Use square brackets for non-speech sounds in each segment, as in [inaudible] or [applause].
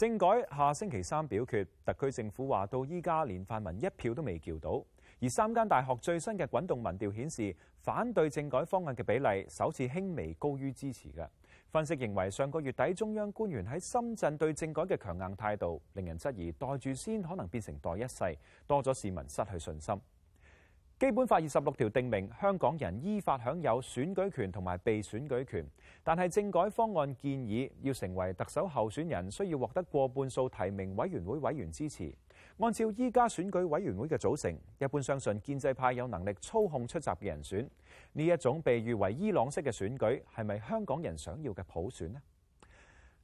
政改下星期三表決，特區政府話到依家連泛民一票都未叫到，而三間大學最新嘅滾動民調顯示，反對政改方案嘅比例首次輕微高於支持嘅。分析認為上個月底中央官員喺深圳對政改嘅強硬態度，令人質疑袋住先可能變成袋一世，多咗市民失去信心。基本法二十六條定明香港人依法享有選舉權同埋被選舉權，但係政改方案建議要成為特首候選人需要獲得過半數提名委員會委員支持。按照依家選舉委員會嘅組成，一般相信建制派有能力操控出閘嘅人選。呢一種被譽為伊朗式嘅選舉係咪香港人想要嘅普選呢？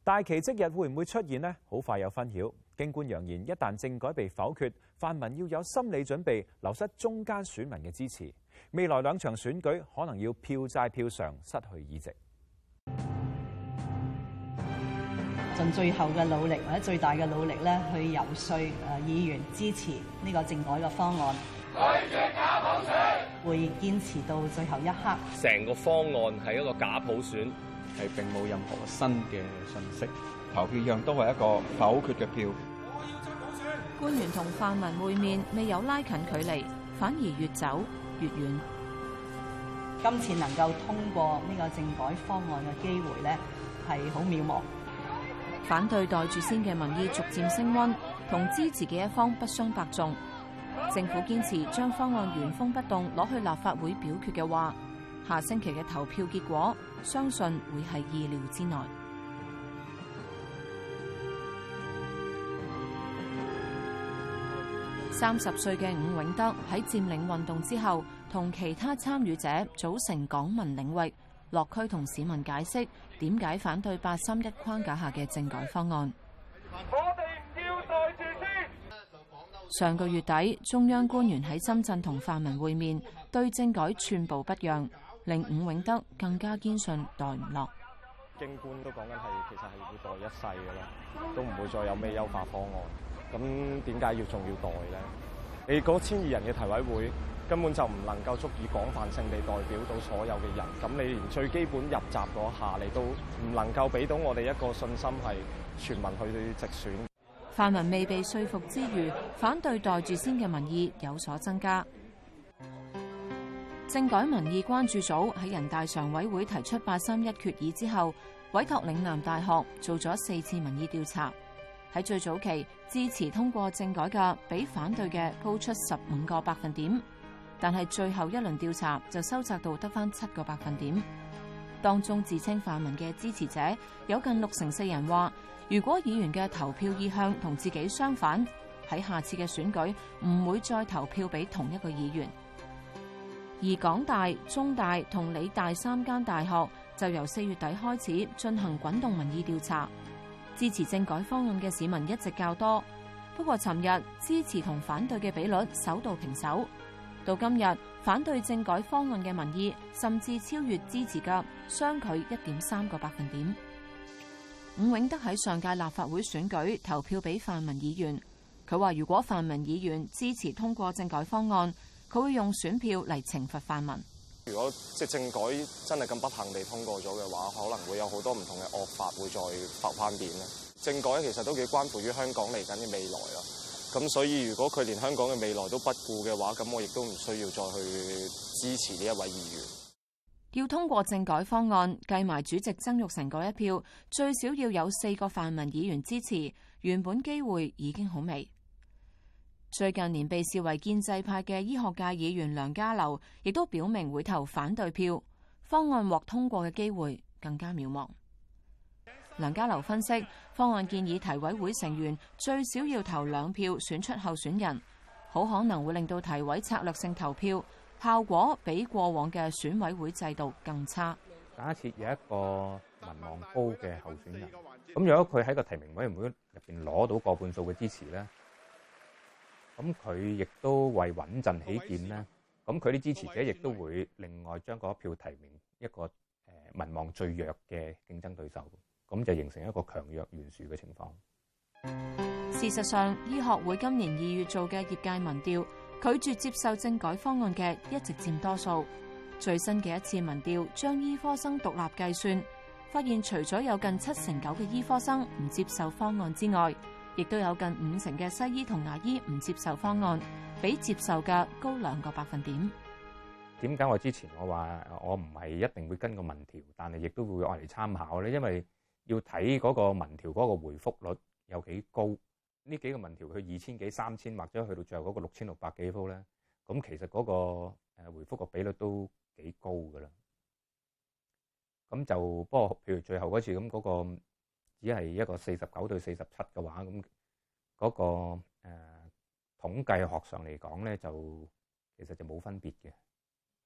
大奇蹟日會唔會出現呢？好快有分曉。京官揚言，一旦政改被否決，泛民要有心理準備流失中間選民嘅支持。未來兩場選舉可能要票債票償，失去議席。盡最後嘅努力或者最大嘅努力咧，去游說誒議員支持呢個政改嘅方案。拒絕假普選，會堅持到最後一刻。成個方案係一個假普選，係並冇任何新嘅信息。投票一樣都係一個否決嘅票。官員同泛民會面未有拉近距離，反而越走越遠。今次能夠通過呢個政改方案嘅機會呢，係好渺茫。反對袋住先嘅民意逐漸升溫，同支持嘅一方不相伯仲。政府堅持將方案原封不動攞去立法會表決嘅話，下星期嘅投票結果相信會係意料之內。三十歲嘅伍永德喺佔領運動之後，同其他參與者組成港民領域，落區同市民解釋點解反對八三一框架下嘅政改方案。上個月底，中央官員喺深圳同泛民會面對政改寸步不讓，令伍永德更加堅信袋唔落。京官都講緊係，其實係要袋一世嘅咯，都唔會再有咩優化方案。咁點解要仲要代呢？你嗰千二人嘅提委會根本就唔能夠足以廣泛性地代表到所有嘅人。咁你連最基本入閘嗰下，你都唔能夠俾到我哋一個信心，係全民去直選。泛民未被說服之餘，反對袋住先嘅民意有所增加。政改民意關注組喺人大常委會提出八三一決議之後，委託嶺南大學做咗四次民意調查。喺最早期支持通過政改嘅比反對嘅高出十五個百分點，但係最後一輪調查就收窄到得翻七個百分點。當中自稱泛民嘅支持者有近六成四人話，如果議員嘅投票意向同自己相反，喺下次嘅選舉唔會再投票俾同一個議員。而港大、中大同理大三間大學就由四月底開始進行滾動民意調查。支持政改方案嘅市民一直較多，不過尋日支持同反對嘅比率首度平手。到今日，反對政改方案嘅民意甚至超越支持嘅，相距一點三個百分點。伍永德喺上屆立法會選舉投票俾泛民議員，佢話如果泛民議員支持通過政改方案，佢會用選票嚟懲罰泛民。如果即政改真係咁不幸地通過咗嘅話，可能會有好多唔同嘅惡法會再浮翻面咧。政改其實都幾關乎於香港嚟緊嘅未來啊。咁所以如果佢連香港嘅未來都不顧嘅話，咁我亦都唔需要再去支持呢一位議員。要通過政改方案，計埋主席曾鈺成嗰一票，最少要有四個泛民議員支持。原本機會已經好微。最近年被視為建制派嘅醫學界議員梁家騮，亦都表明會投反對票，方案獲通過嘅機會更加渺茫。梁家騮分析，方案建議提委會成員最少要投兩票選出候選人，好可能會令到提委策略性投票效果比過往嘅選委會制度更差。假設有一個民望高嘅候選人，咁如果佢喺個提名委員會入邊攞到過半數嘅支持咧，咁佢亦都為穩陣起見咧，咁佢啲支持者亦都會另外將嗰一票提名一個誒民望最弱嘅競爭對手，咁就形成一個強弱懸殊嘅情況。事實上，醫學會今年二月做嘅業界民調，拒絕接受政改方案嘅一直佔多數。最新嘅一次民調將醫科生獨立計算，發現除咗有近七成九嘅醫科生唔接受方案之外，亦都有近五成嘅西醫同牙醫唔接受方案，比接受嘅高兩個百分點。點解我之前說我話我唔係一定會跟個民調，但係亦都會攞嚟參考咧？因為要睇嗰個民調嗰個回覆率有幾高。呢幾個民調去二千幾、三千，或者去到最後嗰個六千六百幾鋪咧，咁其實嗰個誒回覆個比率都幾高噶啦。咁就不過譬如最後嗰次咁嗰、嗰個。只係一個四十九對四十七嘅話，咁、那、嗰個誒、呃、統計學上嚟講咧，就其實就冇分別嘅，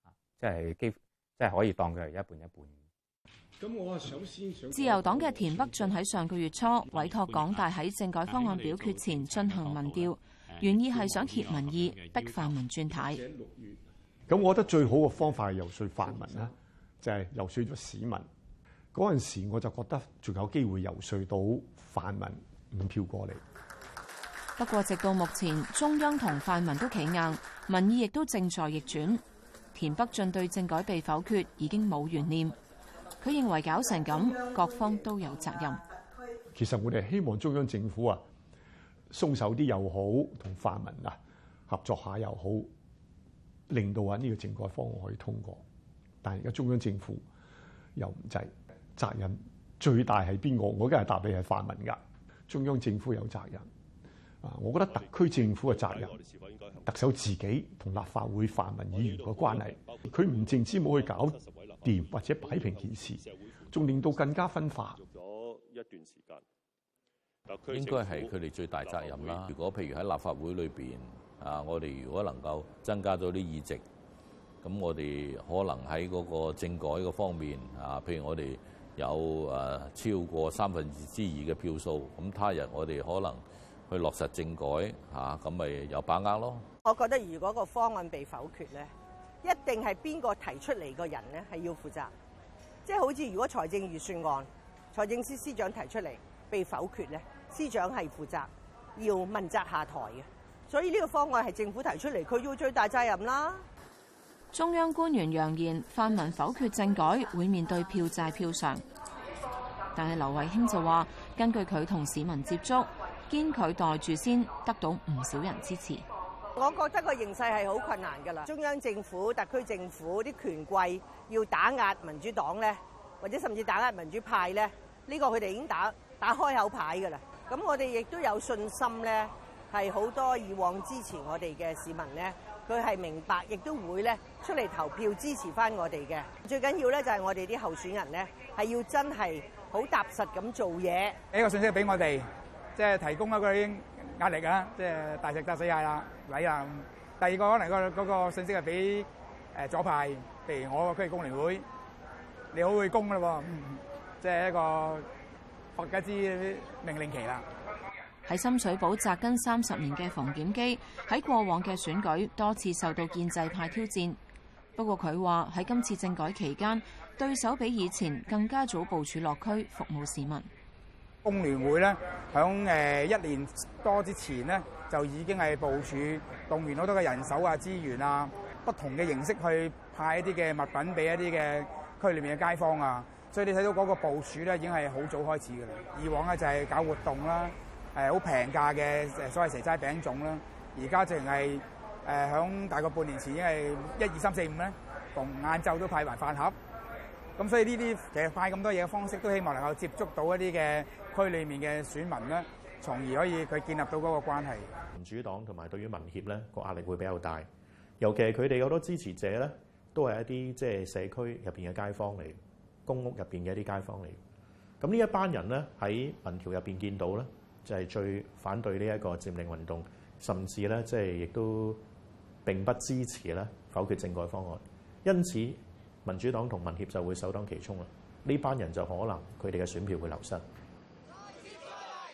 啊，即係基即係可以當佢係一半一半的我先想。自由黨嘅田北俊喺上個月初委託港大喺政改方案表決前進行民調，原意係想挾民意逼泛民轉軚。咁我覺得最好嘅方法係游説泛民啦，就係游説咗市民。嗰陣時我就覺得仲有機會游說到泛民五票過嚟。不過直到目前，中央同泛民都企硬，民意亦都正在逆轉。田北俊對政改被否決已經冇懸念，佢認為搞成咁各方都有責任。其實我哋希望中央政府啊鬆手啲又好，同泛民啊合作下又好，令到話呢個政改方案可以通過。但係而家中央政府又唔制。責任最大係邊個？我梗係答你係泛民噶，中央政府有責任。啊，我覺得特區政府嘅責任，特首自己同立法會泛民議員嘅關係，佢唔淨止冇去搞掂或者擺平件事，仲令到更加分化咗一段時間，應該係佢哋最大責任啦。如果譬如喺立法會裏邊啊，我哋如果能夠增加咗啲議席，咁我哋可能喺嗰個政改嘅方面啊，譬如我哋。有超過三分之二嘅票數，咁他日我哋可能去落實政改嚇，咁咪有把握咯。我覺得如果個方案被否決咧，一定係邊個提出嚟個人咧係要負責，即係好似如果財政預算案財政司司長提出嚟被否決咧，司長係負責要問責下台嘅。所以呢個方案係政府提出嚟，佢要最大責任啦。中央官員揚言，泛民否決政改會面對票債票償。但係，劉慧卿就話：根據佢同市民接觸，堅拒待住先，得到唔少人支持。我覺得個形勢係好困難㗎啦。中央政府、特區政府啲權貴要打壓民主黨咧，或者甚至打壓民主派咧，呢個佢哋已經打打開口牌㗎啦。咁我哋亦都有信心咧，係好多以往支持我哋嘅市民咧，佢係明白，亦都會咧出嚟投票支持翻我哋嘅。最緊要咧就係我哋啲候選人咧係要真係。好踏實咁做嘢。呢個信息俾我哋，即係提供一個壓力啊！即係大石打死蟹啦，啊！第二個可能個嗰個信息係俾左派，譬如我個區工聯會，你好會攻啦喎！即係一個國家之命令期啦。喺深水埗紮根三十年嘅馮檢基，喺過往嘅選舉多次受到建制派挑戰。不過佢話喺今次政改期間，對手比以前更加早部署落區服務市民。工聯會咧，響誒一年多之前咧，就已經係部署動員好多嘅人手啊、資源啊，不同嘅形式去派一啲嘅物品俾一啲嘅區裏面嘅街坊啊。所以你睇到嗰個部署咧，已經係好早開始㗎喇。以往咧就係搞活動啦，誒好平價嘅所謂蛇齋餅種啦。而家淨係誒響大概半年前，已經係一二三四五咧，同晏晝都派埋飯盒。咁所以呢啲其實派咁多嘢嘅方式，都希望能夠接觸到一啲嘅區裏面嘅選民啦，從而可以佢建立到嗰個關係。民主黨同埋對於民協咧個壓力會比較大，尤其係佢哋好多支持者咧都係一啲即係社區入邊嘅街坊嚟，公屋入邊嘅一啲街坊嚟。咁呢一班人咧喺民橋入邊見到咧，就係最反對呢一個佔領運動，甚至咧即係亦都並不支持咧否決政改方案，因此。民主黨同民協就會首當其衝啦。呢班人就可能佢哋嘅選票會流失。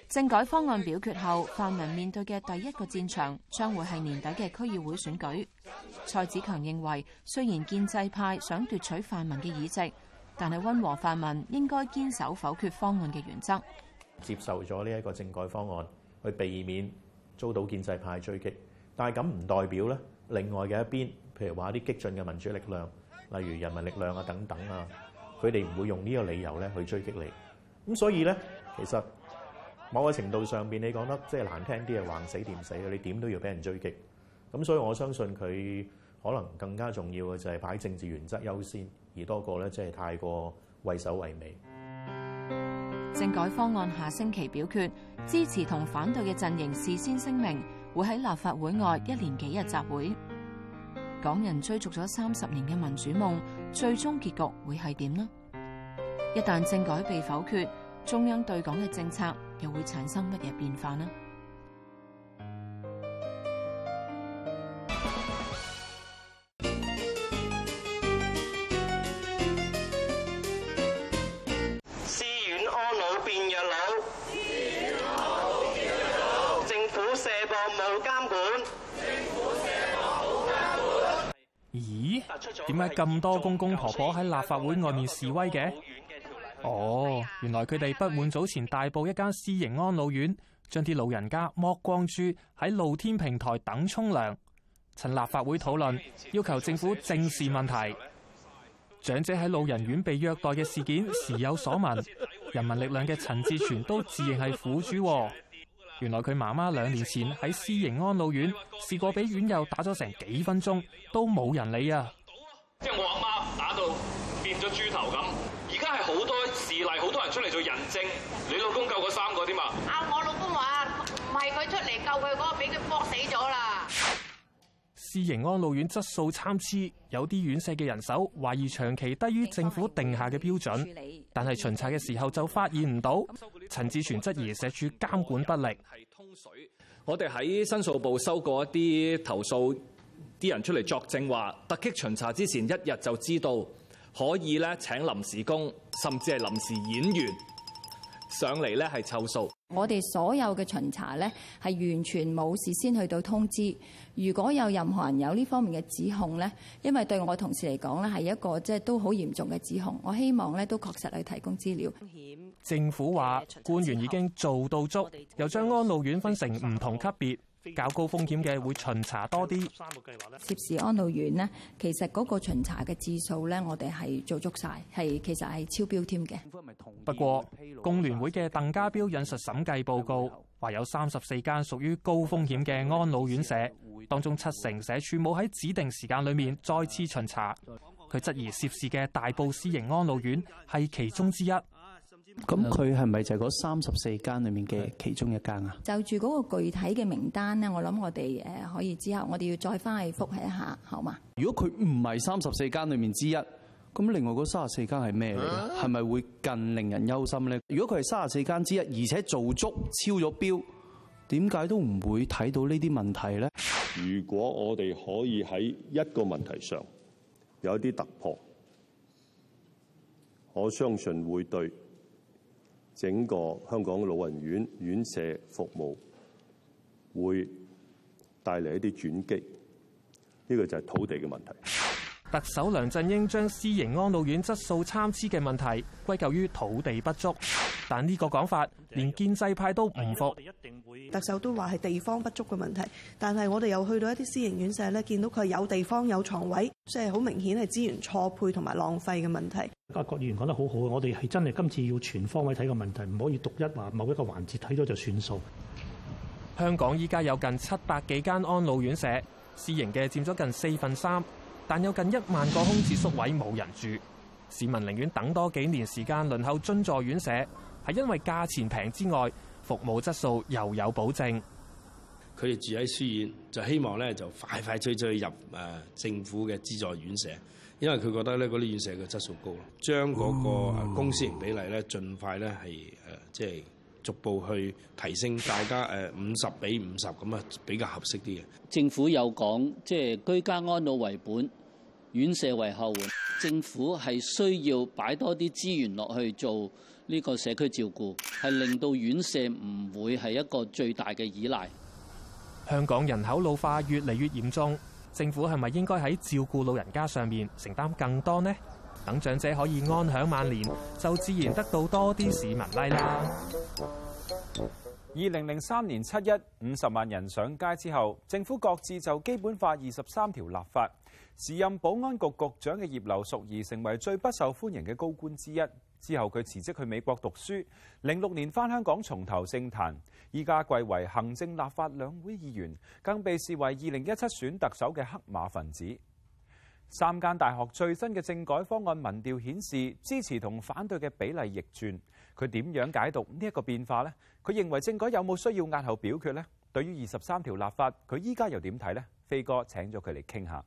政改方案表決後，泛民面對嘅第一個戰場將會係年底嘅區議會選舉。蔡子強認為，雖然建制派想奪取泛民嘅議席，但係溫和泛民應該堅守否決方案嘅原則，接受咗呢一個政改方案去避免遭到建制派追擊，但係咁唔代表呢，另外嘅一邊，譬如話啲激進嘅民主力量。例如人民力量啊等等啊，佢哋唔會用呢個理由咧去追擊你。咁所以咧，其實某個程度上邊你講得即係難聽啲，係橫死掂死啊！你點都要俾人追擊，咁所以我相信佢可能更加重要嘅就係擺政治原則優先，而多過咧即係太過畏首畏尾。政改方案下星期表決，支持同反對嘅陣營事先聲明會喺立法會外一連幾日集會。港人追逐咗三十年嘅民主夢，最終結局會係點呢？一旦政改被否決，中央對港嘅政策又會產生乜嘢變化呢？點解咁多公公婆婆喺立法會外面示威嘅？哦，oh，原來佢哋不滿早前大埔一間私營安老院將啲老人家剝光豬喺露天平台等沖涼，趁立法會討論要求政府正視問題。長者喺老人院被虐待嘅事件時有所聞，人民力量嘅陳志全都自認係苦主。原來佢媽媽兩年前喺私營安老院試過俾院友打咗成幾分鐘，都冇人理啊！變咗豬頭咁，而家係好多事例，好多人出嚟做人證。你老公救過三個添嘛？啊，我老公話唔係佢出嚟救佢，那個，嗰個俾佢搏死咗啦。私營安老院質素參差，有啲院舍嘅人手懷疑長期低於政府定下嘅標準。但係巡查嘅時候就發現唔到。陳志全質疑社署監管不力。通水。我哋喺申訴部收過一啲投訴。啲人出嚟作證話，突擊巡查之前一日就知道可以咧，請臨時工，甚至係臨時演員上嚟咧係湊數。我哋所有嘅巡查咧係完全冇事先去到通知。如果有任何人有呢方面嘅指控咧，因為對我同事嚟講咧係一個即係都好嚴重嘅指控。我希望咧都確實去提供資料。政府話官員已經做到足，又將安老院分成唔同級別。較高風險嘅會巡查多啲。涉事安老院呢，其實嗰個巡查嘅次數呢，我哋係做足晒，係其實係超標添嘅。不過，工聯會嘅鄧家彪引述審計報告話，有三十四間屬於高風險嘅安老院舍，當中七成社署冇喺指定時間裡面再次巡查。佢質疑涉事嘅大埔私營安老院係其中之一。咁佢係咪就係嗰三十四間裡面嘅其中一間啊？就住嗰個具體嘅名單咧，我諗我哋誒可以之後，我哋要再翻去復係一下，好嘛？如果佢唔係三十四間裡面之一，咁另外嗰三十四間係咩嚟？係咪會更令人憂心咧？如果佢係三十四間之一，而且做足超咗標，點解都唔會睇到呢啲問題咧？如果我哋可以喺一個問題上有一啲突破，我相信會對整個香港老人院院舍服務會帶嚟一啲轉機，呢個就係土地嘅問題。特首梁振英將私營安老院質素參差嘅問題歸咎於土地不足，但呢個講法連建制派都唔服。特首都話係地方不足嘅問題，但係我哋又去到一啲私營院舍，呢見到佢有地方有床位，即係好明顯係資源錯配同埋浪費嘅問題。各議員講得好好，我哋係真係今次要全方位睇個問題，唔可以獨一話某一個環節睇咗就算數。香港依家有近七百幾間安老院舍，私營嘅佔咗近四分三。但有近一萬個空置宿位冇人住，市民寧願等多幾年時間輪候津助院舍，係因為價錢平之外，服務質素又有保證。佢哋住喺書院，就希望咧就快快脆脆入誒政府嘅資助院舍，因為佢覺得咧嗰啲院舍嘅質素高，將嗰個公私營比例咧盡快咧係誒即係。逐步去提升大家誒五十比五十咁啊，比較合適啲嘅。政府有講，即係居家安老為本，院舍為後援。政府係需要擺多啲資源落去做呢個社區照顧，係令到院舍唔會，係一個最大嘅依賴。香港人口老化越嚟越嚴重，政府係咪應該喺照顧老人家上面承擔更多呢？等長者可以安享晚年，就自然得到多啲市民拉拉。二零零三年七一五十萬人上街之後，政府各自就基本法二十三條立法。時任保安局局，局長嘅葉劉淑儀成為最不受歡迎嘅高官之一。之後佢辭職去美國讀書，零六年返香港從頭政壇，而家貴為行政立法兩會議員，更被視為二零一七選特首嘅黑馬分子。三間大學最新嘅政改方案民調顯示，支持同反對嘅比例逆轉。佢點樣解讀呢一個變化呢？佢認為政改有冇需要押後表決呢？對於二十三條立法，佢依家又點睇呢？飛哥請咗佢嚟傾下。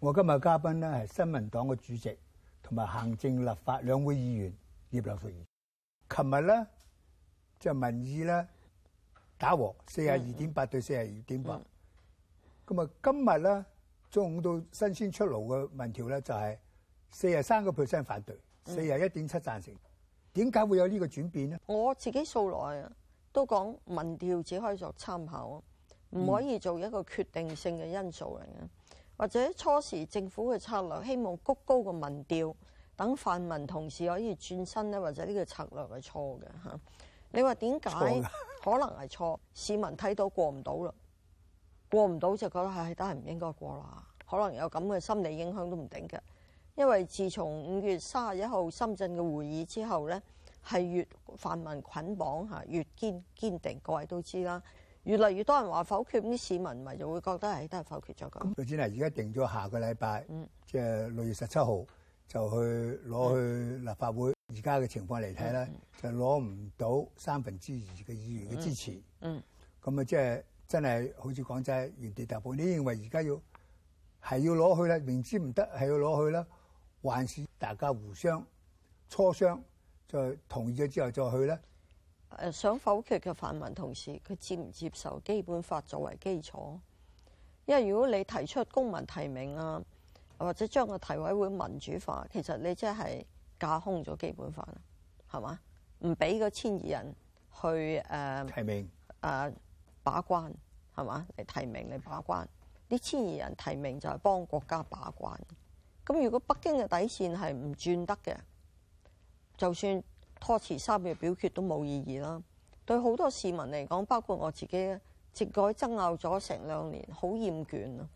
我今日嘉賓呢係新民黨嘅主席，同埋行政立法兩會議員葉劉淑儀。琴日咧就係民意咧。打和四十二點八對四十二點八，咁、嗯、啊今日咧中午到新鮮出爐嘅民調咧就係四十三個 percent 反對，四十一點七贊成。點解會有呢個轉變咧？我自己數來啊，都講民調只可以作參考，唔可以做一個決定性嘅因素嚟嘅、嗯。或者初時政府嘅策略希望谷高個民調，等泛民同時可以轉身咧，或者呢個策略係錯嘅嚇。你話點解？可能係錯，市民睇到過唔到啦，過唔到就覺得係都係唔應該過啦。可能有咁嘅心理影響都唔定嘅，因為自從五月三十一號深圳嘅會議之後咧，係越泛民捆綁嚇，越堅堅定。各位都知啦，越嚟越多人話否決，啲市民咪就會覺得係，都係否決咗嘅。咁、嗯，總之係而家定咗下個禮拜，即係六月十七號就去攞去立法會。而家嘅情況嚟睇咧，就攞唔到三分之二嘅議員嘅支持，咁、嗯、啊，嗯、咁即係真係好似講真係原地踏步。你認為而家要係要攞去咧，明知唔得係要攞去咧，還是大家互相磋商再同意咗之後再去咧？誒，想否決嘅泛民同，同時佢接唔接受基本法作為基礎？因為如果你提出公民提名啊，或者將個提委會民主化，其實你即係。架空咗基本法啦，係嘛？唔俾個千二人去誒、呃，提名，誒把關，係嘛？嚟提名嚟把關，啲千二人提名就係幫國家把關。咁如果北京嘅底線係唔轉得嘅，就算拖遲三月表決都冇意義啦。對好多市民嚟講，包括我自己，政改爭拗咗成兩年，好厭倦啦。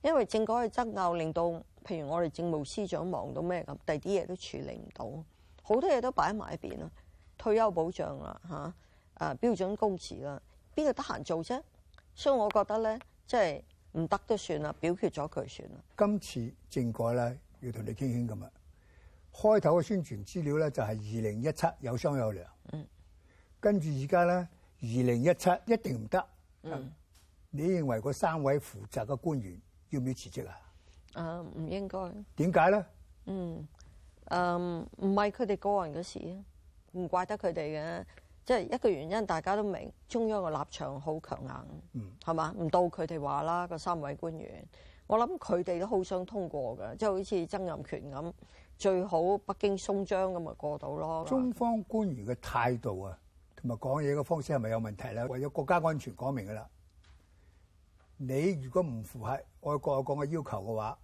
因為政改嘅爭拗令到。譬如我哋政務司長忙到咩咁，第啲嘢都處理唔到，好多嘢都擺埋一邊啦。退休保障啦，吓、啊，誒、啊、標準工時啦，邊個得閒做啫？所以我覺得咧，即係唔得都算啦，表決咗佢算啦。今次政改咧，要同你傾一傾噶嘛？開頭嘅宣傳資料咧就係二零一七有商有量，嗯，跟住而家咧二零一七一定唔得，嗯，你認為嗰三位負責嘅官員要唔要辭職啊？啊，唔應該點解咧？嗯，誒唔係佢哋個人嘅事啊，唔怪得佢哋嘅，即係一個原因，大家都明中央嘅立場好強硬，嗯，係嘛？唔到佢哋話啦，個三位官員，我諗佢哋都好想通過㗎，即係好似曾蔭權咁，最好北京鬆章咁咪過到咯。中方官員嘅態度啊，同埋講嘢嘅方式係咪有問題咧？為咗國家安全講明㗎啦。你如果唔符合外國有講嘅要求嘅話，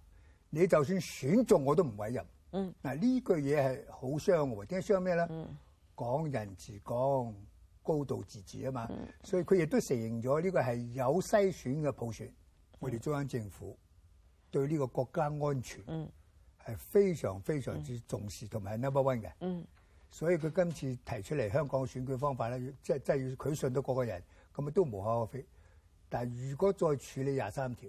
你就算選中我都唔委任。嗯，嗱呢句嘢係好傷我。點解傷咩咧？講人自講高度自治啊嘛、嗯。所以佢亦都承認咗呢個係有篩選嘅普選。嗯、我哋中央政府對呢個國家安全係非常非常之重視同埋、嗯、number one 嘅。嗯，所以佢今次提出嚟香港選舉方法咧，即係真係要佢信到嗰個人，咁啊都無可厚非。但係如果再處理廿三條，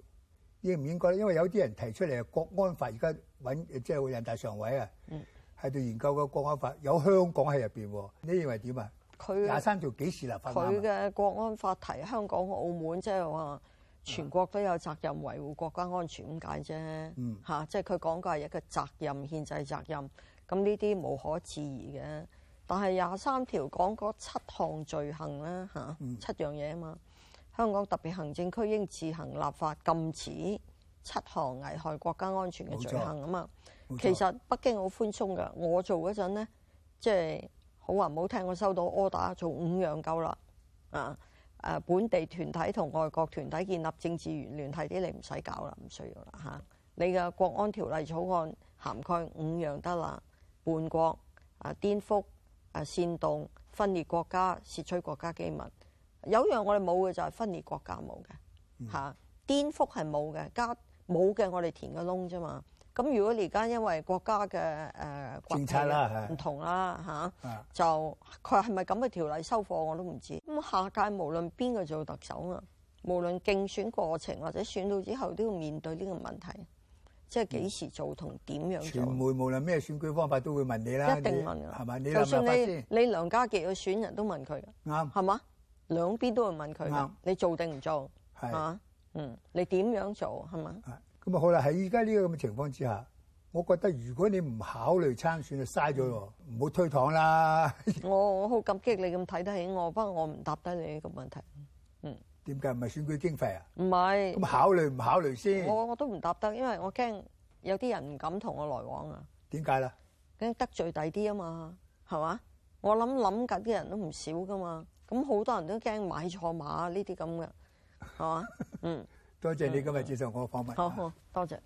應唔應該咧？因為有啲人提出嚟國安法而家揾即係人大常委啊，喺、嗯、度研究個國安法有香港喺入邊，你認為點啊？佢廿三條幾時立法？佢嘅國安法提香港、澳門，即係話全國都有責任維護國家安全咁解啫。嚇、嗯，即係佢講嘅係一個責任、憲制責任。咁呢啲無可置疑嘅。但係廿三條講嗰七項罪行咧嚇、啊嗯，七樣嘢啊嘛。香港特別行政區應自行立法禁止七項危害國家安全嘅罪行啊嘛。其實北京好寬鬆嘅，我做嗰陣呢，即係好話唔好聽，我收到 order 做五樣夠啦啊！本地團體同外國團體建立政治聯聯繫啲，你唔使搞啦，唔需要啦嚇。你嘅國安條例草案涵蓋五樣得啦：叛國、啊、顛覆、啊、煽動、分裂國家、竊取國家機密。有樣我哋冇嘅就係分裂國家冇嘅嚇，嗯、顛覆係冇嘅，加冇嘅我哋填個窿啫嘛。咁如果而家因為國家嘅、呃、政策啦唔同啦嚇，就佢係咪咁嘅條例收貨我都唔知。咁下屆無論邊個做特首啊，無論競選過程或者選到之後都要面對呢個問題，即係幾時做同點樣做。傳媒無論咩選舉方法都會問你啦，一定問㗎，係咪？你就算你，你，你梁家傑嘅選人都問佢啱係嘛？兩邊都會問佢啦。你做定唔做？嚇，嗯，你點、啊嗯、樣做？係嘛？咁啊，咁好啦，喺依家呢個咁嘅情況之下，我覺得如果你唔考慮參選，就嘥咗喎，唔好推搪啦。 [laughs] 我我好感激你咁睇得起我，不過我唔答得你呢個問題。嗯，點解唔係選舉經費啊？唔係咁考慮唔考慮先？我我都唔答得，因為我驚有啲人唔敢同我來往啊。點解啦？驚得罪第啲啊嘛，係嘛？我諗諗緊啲人都唔少噶嘛。咁、嗯、好多人都驚買錯馬呢啲咁嘅，係嘛？嗯， [laughs] 多謝你今日接受我嘅訪問，嗯嗯。好好，多謝。